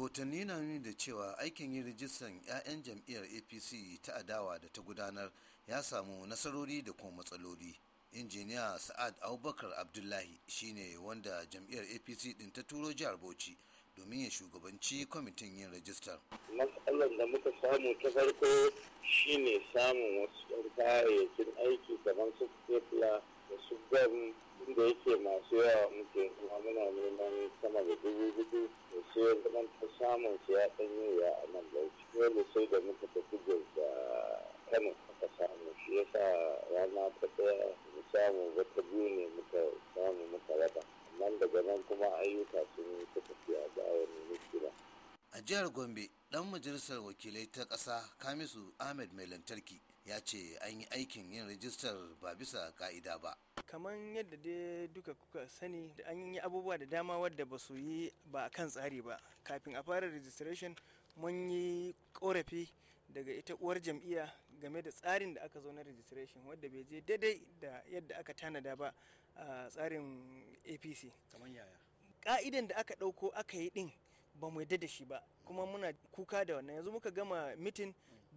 rahotanni na nuni da cewa aikin yin rijistan 'ya'yan jam'iyyar apc ta adawa da ta gudanar ya samu nasarori da kuma matsaloli injiniya sa'ad abubakar abdullahi shine wanda jam'iyyar apc din ta turo jihar bauchi domin ya shugabanci kwamitin yin rajistar matsalar da muka samu ta farko shine samun wasu 'yan kayayyakin aiki kamar su da su gam inda yake masu yawa muke kuma muna neman sama da dubu hudu da su zaman samun su ya ɗan yi a nan bauchi dole sai da muka tafi da kano aka samu shi ya sa rana ta ɗaya mu samu wata biyu ne muka samu muka raba nan daga nan kuma ayyuka sun yi ta tafiya a wani mutuwa. a jihar gombe dan majalisar wakilai ta ƙasa kamisu ahmed mai lantarki ya ce an yi aikin yin rajistar ba bisa ka'ida ba kamar yadda dai duka kuka sani da an yi abubuwa da dama wadda ba su yi ba kan tsari ba kafin a fara registration mun yi korafi daga ita uwar jam'iyya game da tsarin da aka zo na registration wadda bai je daidai da yadda aka tanada ba a tsarin apc kamar yaya ka'idan da aka ɗauko aka yi ɗin ba mu yadda da shi ba kuma muna kuka da wannan yanzu muka gama mitin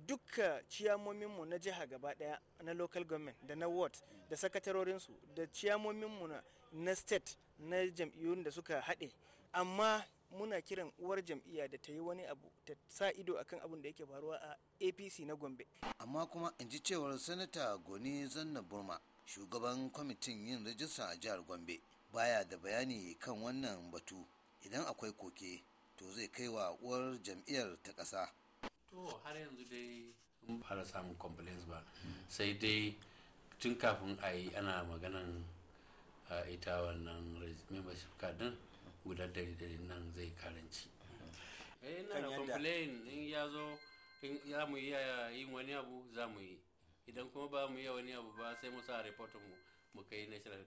dukka ciyamominmu na jiha gaba daya na local government da na ward da sakatarorinsu da ciyamominmu na state na jam'iyyun da suka haɗe amma muna kiran uwar jam'iyya da ta yi wani abu ta sa ido akan abin da yake faruwa a apc na gombe amma kuma in ji cewar sanata goni zanna burma shugaban kwamitin yin rajista a jihar gombe baya da bayani kan wannan batu idan akwai koke to zai kai wa uwar jam'iyyar ta ƙasa to har yanzu dai in samun complaints ba sai dai tun kafin a yi ana maganan ita wannan membership card din wani abu za mu yi idan ba mu yi wani abu sai mu sa report mu mu kai national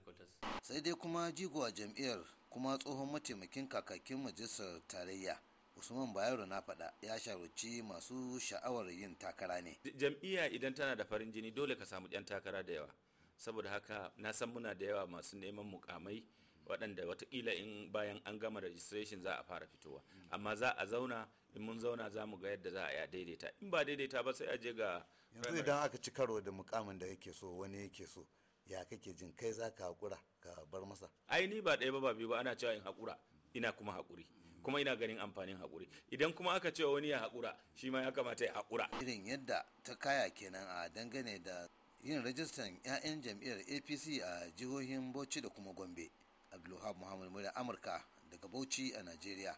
sai dai kuma jigo a jam'iyyar kuma tsohon mataimakin kakakin majalisar tarayya usman bayero na faɗa ya shawarci masu sha'awar yin takara ne jam'iyya idan tana da farin jini dole ka samu 'yan takara da yawa saboda haka na san muna da yawa masu neman mukamai waɗanda watakila in bayan an gama registration za a fara fitowa amma za a zauna in mun zauna za mu ga yadda za a yi a daidaita in ba daidaita ba sai a je ga yanzu idan aka ci karo da mukamin da yake so wani yake so ya kake jin kai za ka haƙura ka bar masa ai ni ba ɗaya ba ba biyu ba ana cewa in hakura ina kuma hakuri kuma ina ganin amfanin hakuri idan kuma aka ce wani ya hakura shi ma ya kamata ya hakura. irin yadda ta kaya kenan a dangane da yin rajistan 'ya'yan jam'iyyar apc a jihohin bauchi da kuma gombe abdulwahab muhammadu murya amurka daga bauchi a najeriya